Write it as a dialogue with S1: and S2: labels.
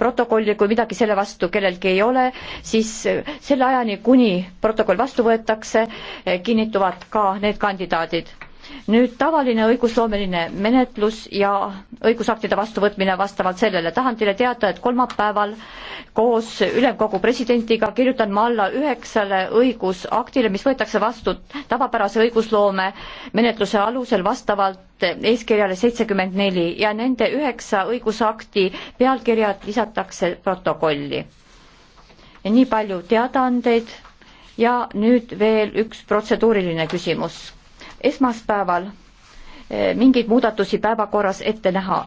S1: protokolli, kui midagi selle vastu kellelgi ei ole, siis eh, selle ajani, kuni protokoll vastu võetakse, eh, kinnituvad ka need kandidaadid nüüd tavaline õigusloomeline menetlus ja õigusaktide vastuvõtmine vastavalt sellele. tahan teile teada, et kolmapäeval koos ülemkogu presidendiga kirjutan ma alla üheksale õigusaktile, mis võetakse vastu tavapärase õigusloome menetluse alusel vastavalt eeskirjale seitsekümmend neli ja nende üheksa õigusakti pealkirjad lisatakse protokolli. nii palju teadaandeid ja nüüd veel üks protseduuriline küsimus esmaspäeval eh,
S2: mingeid muudatusi päevakorras ette näha